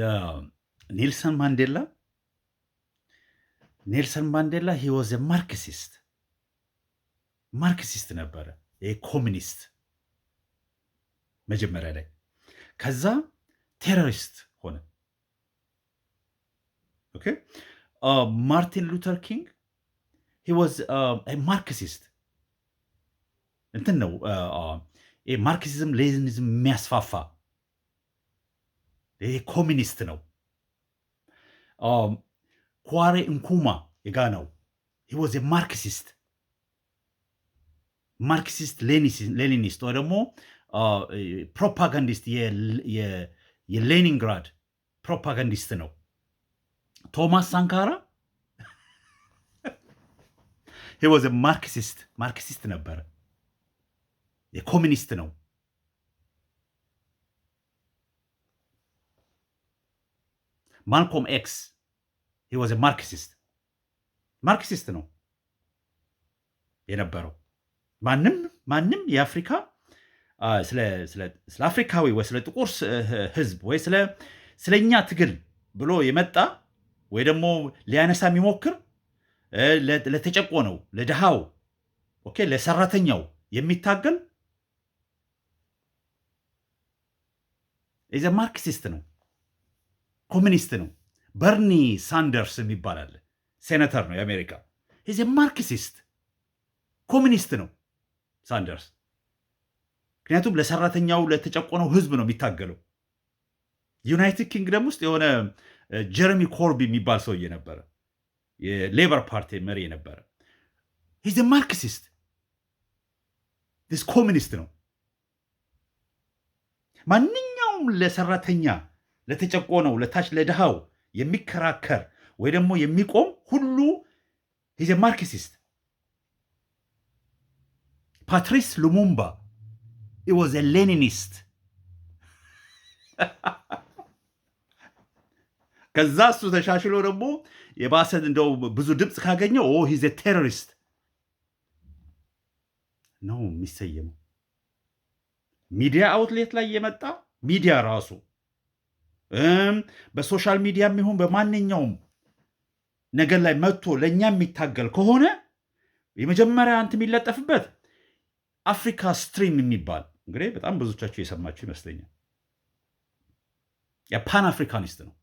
uh, Nelson Mandela. ኔልሰን ማንዴላ ሂ ዋዝ ኤ ማርክሲስት ማርክሲስት ነበረ፣ ኮሚኒስት መጀመሪያ ላይ፣ ከዛ ቴሮሪስት ሆነ። ኦኬ ማርቲን ሉተር ኪንግ ሂ ዋዝ ማርክሲስት እንትን ነው ማርክሲዝም ሌኒኒዝም የሚያስፋፋ ይሄ ኮሚኒስት ነው። ኳሬ እንኩማ የጋናው ሂ ዋዝ ማርክሲስት ማርክሲስት ሌኒኒስት ወይ ደግሞ ፕሮፓጋንዲስት የሌኒንግራድ ፕሮፓጋንዲስት ነው። ቶማስ ሳንካራ ሂ ዋዝ ማርክሲስት ማርክሲስት ነበረ። የኮሚኒስት ነው። ማልኮም ኤክስ ወዘ ማርክሲስት ማርክሲስት ነው የነበረው። ማንም ማንም የአፍሪካ ስለ አፍሪካዊ ወይ ስለ ጥቁር ሕዝብ ወይ ስለ እኛ ትግል ብሎ የመጣ ወይ ደግሞ ሊያነሳ የሚሞክር ለተጨቆነው፣ ለድሃው፣ ኦኬ ለሰራተኛው የሚታገል የዘ ማርክሲስት ነው። ኮሚኒስት ነው። በርኒ ሳንደርስ የሚባል ሴነተር ነው የአሜሪካ። ዜ ማርክሲስት ኮሚኒስት ነው ሳንደርስ። ምክንያቱም ለሰራተኛው ለተጨቆነው ህዝብ ነው የሚታገለው። ዩናይትድ ኪንግደም ውስጥ የሆነ ጀረሚ ኮርቢ የሚባል ሰውዬ ነበረ፣ የሌበር ፓርቲ መሪ ነበረ። ዜ ማርክሲስት ኮሚኒስት ነው። ማንኛውም ለሰራተኛ ለተጨቆነው ለታች ለድሃው የሚከራከር ወይ ደግሞ የሚቆም ሁሉ ሂዘ ማርክሲስት። ፓትሪስ ሉሙምባ ኢወዝ ሌኒኒስት። ከዛ እሱ ተሻሽሎ ደግሞ የባሰ እንደው ብዙ ድምፅ ካገኘው ኦ ሂዘ ቴሮሪስት ነው የሚሰየመው። ሚዲያ አውትሌት ላይ የመጣ ሚዲያ ራሱ በሶሻል ሚዲያም ይሁን በማንኛውም ነገር ላይ መጥቶ ለእኛ የሚታገል ከሆነ የመጀመሪያ አንት የሚለጠፍበት አፍሪካ ስትሪም የሚባል እንግዲህ በጣም ብዙቻቸው የሰማችሁ ይመስለኛል። የፓን አፍሪካኒስት ነው።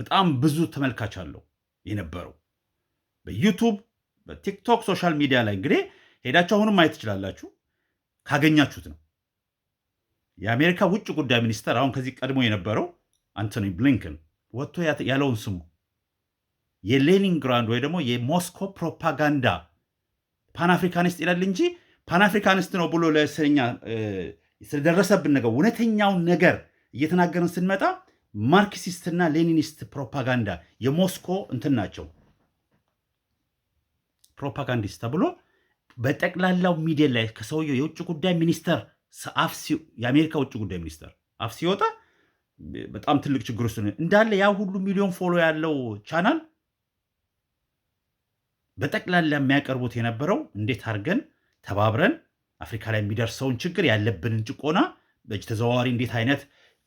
በጣም ብዙ ተመልካች አለው የነበረው በዩቱብ በቲክቶክ ሶሻል ሚዲያ ላይ እንግዲህ ሄዳችሁ አሁንም ማየት ትችላላችሁ ካገኛችሁት ነው። የአሜሪካ ውጭ ጉዳይ ሚኒስተር አሁን ከዚህ ቀድሞ የነበረው አንቶኒ ብሊንከን ወጥቶ ያለውን ስሙ። የሌኒንግራንድ ወይ ደግሞ የሞስኮ ፕሮፓጋንዳ ፓንአፍሪካኒስት ይላል እንጂ ፓንአፍሪካኒስት ነው ብሎ ለእስረኛ ስለደረሰብን ነገር እውነተኛውን ነገር እየተናገርን ስንመጣ ማርክሲስትና ሌኒኒስት ፕሮፓጋንዳ የሞስኮ እንትን ናቸው ፕሮፓጋንዲስት ተብሎ በጠቅላላው ሚዲያ ላይ ከሰውየው የውጭ ጉዳይ ሚኒስተር የአሜሪካ ውጭ ጉዳይ ሚኒስተር አፍ ሲወጣ በጣም ትልቅ ችግር ውስጥ እንዳለ ያ ሁሉ ሚሊዮን ፎሎ ያለው ቻናል በጠቅላላ የሚያቀርቡት የነበረው እንዴት አድርገን ተባብረን አፍሪካ ላይ የሚደርሰውን ችግር ያለብንን ጭቆና በእጅ ተዘዋዋሪ እንዴት አይነት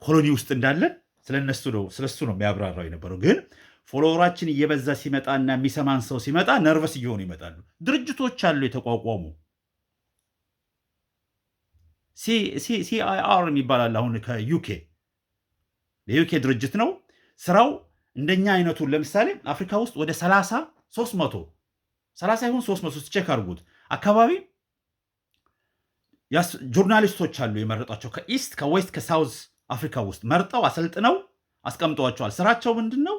ኮሎኒ ውስጥ እንዳለን ስለነሱ ነው ስለሱ ነው የሚያብራራው የነበረው። ግን ፎሎወራችን እየበዛ ሲመጣና የሚሰማን ሰው ሲመጣ ነርቨስ እየሆኑ ይመጣሉ። ድርጅቶች አሉ የተቋቋሙ ሲአይአር የሚባላል አሁን ከዩኬ የዩኬ ድርጅት ነው። ስራው እንደኛ አይነቱን ለምሳሌ አፍሪካ ውስጥ ወደ 30 300 30 ይሁን 300 ስቼክ አድርጉት አካባቢ ጆርናሊስቶች አሉ የመረጧቸው ከኢስት ከዌስት ከሳውዝ አፍሪካ ውስጥ መርጠው አሰልጥነው አስቀምጠዋቸዋል። ስራቸው ምንድን ነው?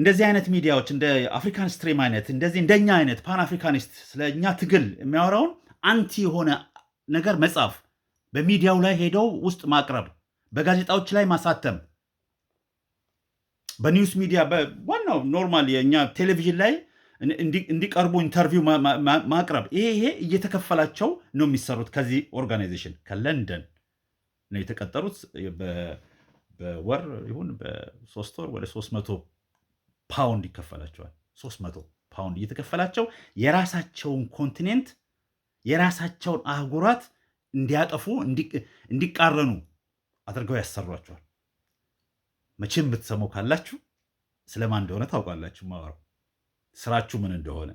እንደዚህ አይነት ሚዲያዎች እንደ አፍሪካን ስትሪም አይነት እንደዚህ እንደኛ አይነት ፓን አፍሪካኒስት ስለእኛ ትግል የሚያወራውን አንቲ የሆነ ነገር መጻፍ፣ በሚዲያው ላይ ሄደው ውስጥ ማቅረብ፣ በጋዜጣዎች ላይ ማሳተም፣ በኒውስ ሚዲያ ዋናው ኖርማል የእኛ ቴሌቪዥን ላይ እንዲቀርቡ ኢንተርቪው ማቅረብ ይሄ ይሄ እየተከፈላቸው ነው የሚሰሩት። ከዚህ ኦርጋናይዜሽን ከለንደን ነው የተቀጠሩት። በወር ይሁን በሶስት ወር ወደ ሶስት መቶ ፓውንድ ይከፈላቸዋል። ሶስት መቶ ፓውንድ እየተከፈላቸው የራሳቸውን ኮንቲኔንት የራሳቸውን አህጉራት እንዲያጠፉ እንዲቃረኑ አድርገው ያሰሯቸዋል። መቼም የምትሰሙ ካላችሁ ስለማን እንደሆነ ታውቃላችሁ። ማወራው ስራችሁ ምን እንደሆነ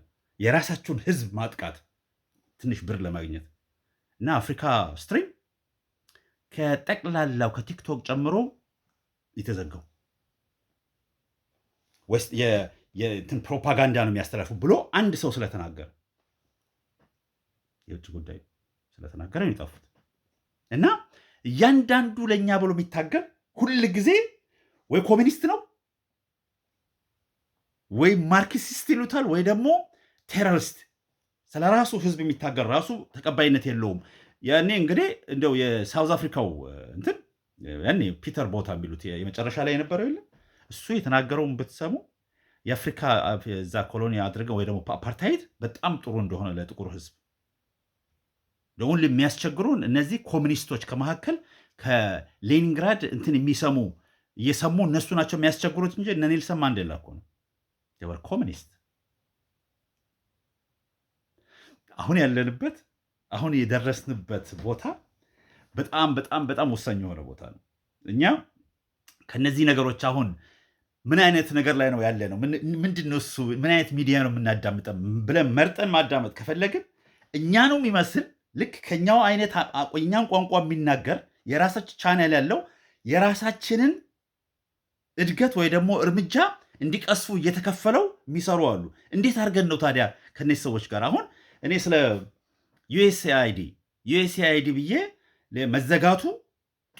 የራሳችሁን ህዝብ ማጥቃት ትንሽ ብር ለማግኘት እና አፍሪካ ስትሪም ከጠቅላላው ከቲክቶክ ጨምሮ የተዘጋው ፕሮፓጋንዳ ነው የሚያስተላልፉ ብሎ አንድ ሰው ስለተናገረ የውጭ ጉዳይ ስለተናገረ ነው የጠፉት። እና እያንዳንዱ ለእኛ ብሎ የሚታገል ሁል ጊዜ ወይ ኮሚኒስት ነው ወይ ማርክሲስት ይሉታል ወይ ደግሞ ቴሮሪስት። ስለ ራሱ ህዝብ የሚታገል ራሱ ተቀባይነት የለውም። ያኔ እንግዲህ እንደው የሳውዝ አፍሪካው እንትን ያኔ ፒተር ቦታ የሚሉት የመጨረሻ ላይ የነበረው የለም እሱ የተናገረውን ብትሰሙ የአፍሪካ እዛ ኮሎኒ አድርገን ወይ ደግሞ አፓርታይድ በጣም ጥሩ እንደሆነ ለጥቁር ህዝብ ለሁሉ የሚያስቸግሩን እነዚህ ኮሚኒስቶች ከመካከል ከሌኒንግራድ እንትን የሚሰሙ እየሰሙ እነሱ ናቸው የሚያስቸግሩት እንጂ እነ ኔልሰን ማንዴላ እኮ ነው ኮሚኒስት። አሁን ያለንበት አሁን የደረስንበት ቦታ በጣም በጣም በጣም ወሳኝ የሆነ ቦታ ነው። እኛ ከነዚህ ነገሮች አሁን ምን አይነት ነገር ላይ ነው ያለ ነው ምንድን ነው እሱ ምን አይነት ሚዲያ ነው የምናዳምጠ ብለን መርጠን ማዳመጥ ከፈለግን እኛ ነው የሚመስል ልክ ከኛው አይነት እኛን ቋንቋ የሚናገር የራሳችን ቻናል ያለው የራሳችንን እድገት ወይ ደግሞ እርምጃ እንዲቀስፉ እየተከፈለው የሚሰሩ አሉ። እንዴት አድርገን ነው ታዲያ ከነዚህ ሰዎች ጋር አሁን እኔ ስለ ዩኤስኤአይዲ ዩኤስኤአይዲ ብዬ መዘጋቱ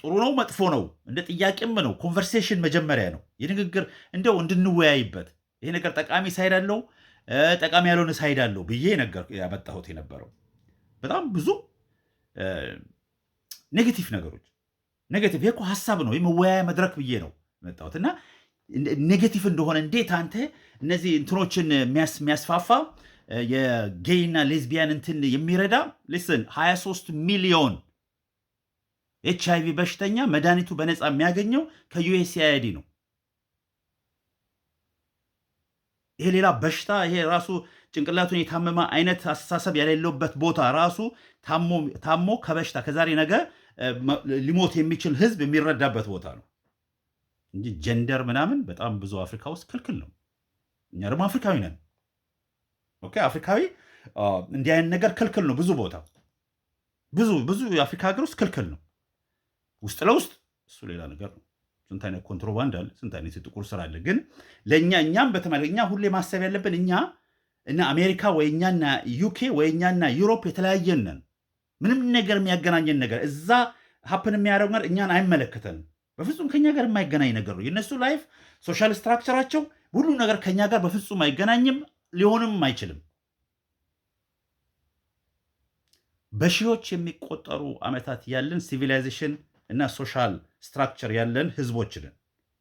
ጥሩ ነው መጥፎ ነው እንደ ጥያቄም ነው። ኮንቨርሴሽን መጀመሪያ ነው የንግግር እንደው እንድንወያይበት ይሄ ነገር ጠቃሚ ሳይዳለው ጠቃሚ ያልሆነ ሳይድ አለው ብዬ ነገር ያመጣሁት የነበረው በጣም ብዙ ኔጌቲቭ ነገሮች ኔጌቲቭ የኮ ሀሳብ ነው የመወያያ መድረክ ብዬ ነው መጣሁት እና ኔጌቲቭ እንደሆነ እንዴት አንተ እነዚህ እንትኖችን የሚያስፋፋ የጌይና ሌዝቢያን እንትን የሚረዳ ሊስን 23 ሚሊዮን ኤች አይቪ በሽተኛ መድኃኒቱ በነፃ የሚያገኘው ከዩኤስአይዲ ነው። ይሄ ሌላ በሽታ ይሄ ራሱ ጭንቅላቱን የታመመ አይነት አስተሳሰብ የሌለበት ቦታ ራሱ ታሞ ከበሽታ ከዛሬ ነገ ሊሞት የሚችል ህዝብ የሚረዳበት ቦታ ነው እንጂ ጀንደር ምናምን በጣም ብዙ አፍሪካ ውስጥ ክልክል ነው። እኛ ደግሞ አፍሪካዊ ነን። ኦኬ አፍሪካዊ እንዲህ አይነት ነገር ክልክል ነው። ብዙ ቦታ ብዙ ብዙ የአፍሪካ ሀገር ውስጥ ክልክል ነው። ውስጥ ለውስጥ እሱ ሌላ ነገር ነው። ስንት አይነት ኮንትሮባንድ አለ፣ ስንት አይነት የጥቁር ስራ አለ። ግን ለእኛ እኛም በተመለ እኛ ሁሌ ማሰብ ያለብን እኛ እና አሜሪካ ወይኛና ዩኬ ወይኛና ዩሮፕ የተለያየን ነን። ምንም ነገር የሚያገናኘን ነገር እዛ ሀፕን የሚያደርገው ነገር እኛን አይመለከተንም። በፍጹም ከኛ ጋር የማይገናኝ ነገር ነው። የእነሱ ላይፍ ሶሻል ስትራክቸራቸው፣ ሁሉ ነገር ከኛ ጋር በፍጹም አይገናኝም፣ ሊሆንም አይችልም። በሺዎች የሚቆጠሩ ዓመታት ያለን ሲቪላይዜሽን እና ሶሻል ስትራክቸር ያለን ህዝቦች ነን።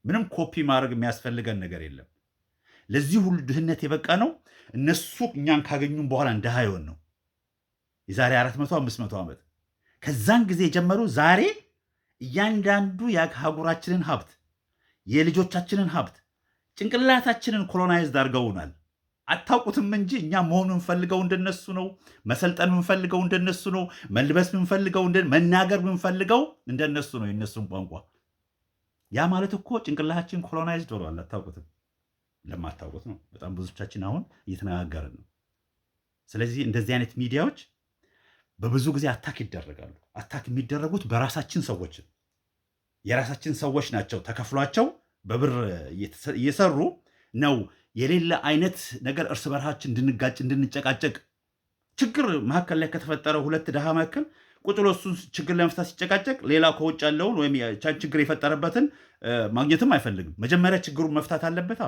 ምንም ኮፒ ማድረግ የሚያስፈልገን ነገር የለም። ለዚህ ሁሉ ድህነት የበቃ ነው እነሱ እኛን ካገኙም በኋላ እንደሃ ይሆን ነው። የዛሬ 45 መቶ ዓመት ከዛን ጊዜ የጀመሩ ዛሬ እያንዳንዱ የአህጉራችንን ሀብት የልጆቻችንን ሀብት ጭንቅላታችንን ኮሎናይዝድ አድርገውናል። አታውቁትም እንጂ እኛ መሆኑ የምንፈልገው እንደነሱ ነው። መሰልጠን የምንፈልገው እንደነሱ ነው። መልበስ የምንፈልገው፣ መናገር የምንፈልገው እንደነሱ ነው፣ የነሱን ቋንቋ። ያ ማለት እኮ ጭንቅላታችን ኮሎናይዝድ ሆኗል። አታውቁትም። ለማታውቁት ነው። በጣም ብዙቻችን አሁን እየተነጋገርን ነው። ስለዚህ እንደዚህ አይነት ሚዲያዎች በብዙ ጊዜ አታክ ይደረጋሉ። አታክ የሚደረጉት በራሳችን ሰዎች የራሳችን ሰዎች ናቸው ተከፍሏቸው በብር እየሰሩ ነው። የሌለ አይነት ነገር እርስ በርሳችን እንድንጋጭ እንድንጨቃጨቅ፣ ችግር መካከል ላይ ከተፈጠረ ሁለት ድሃ መካከል ቁጥሎ እሱን ችግር ለመፍታት ሲጨቃጨቅ ሌላ ከውጭ ያለውን ወይም ችግር የፈጠረበትን ማግኘትም አይፈልግም። መጀመሪያ ችግሩን መፍታት አለበት።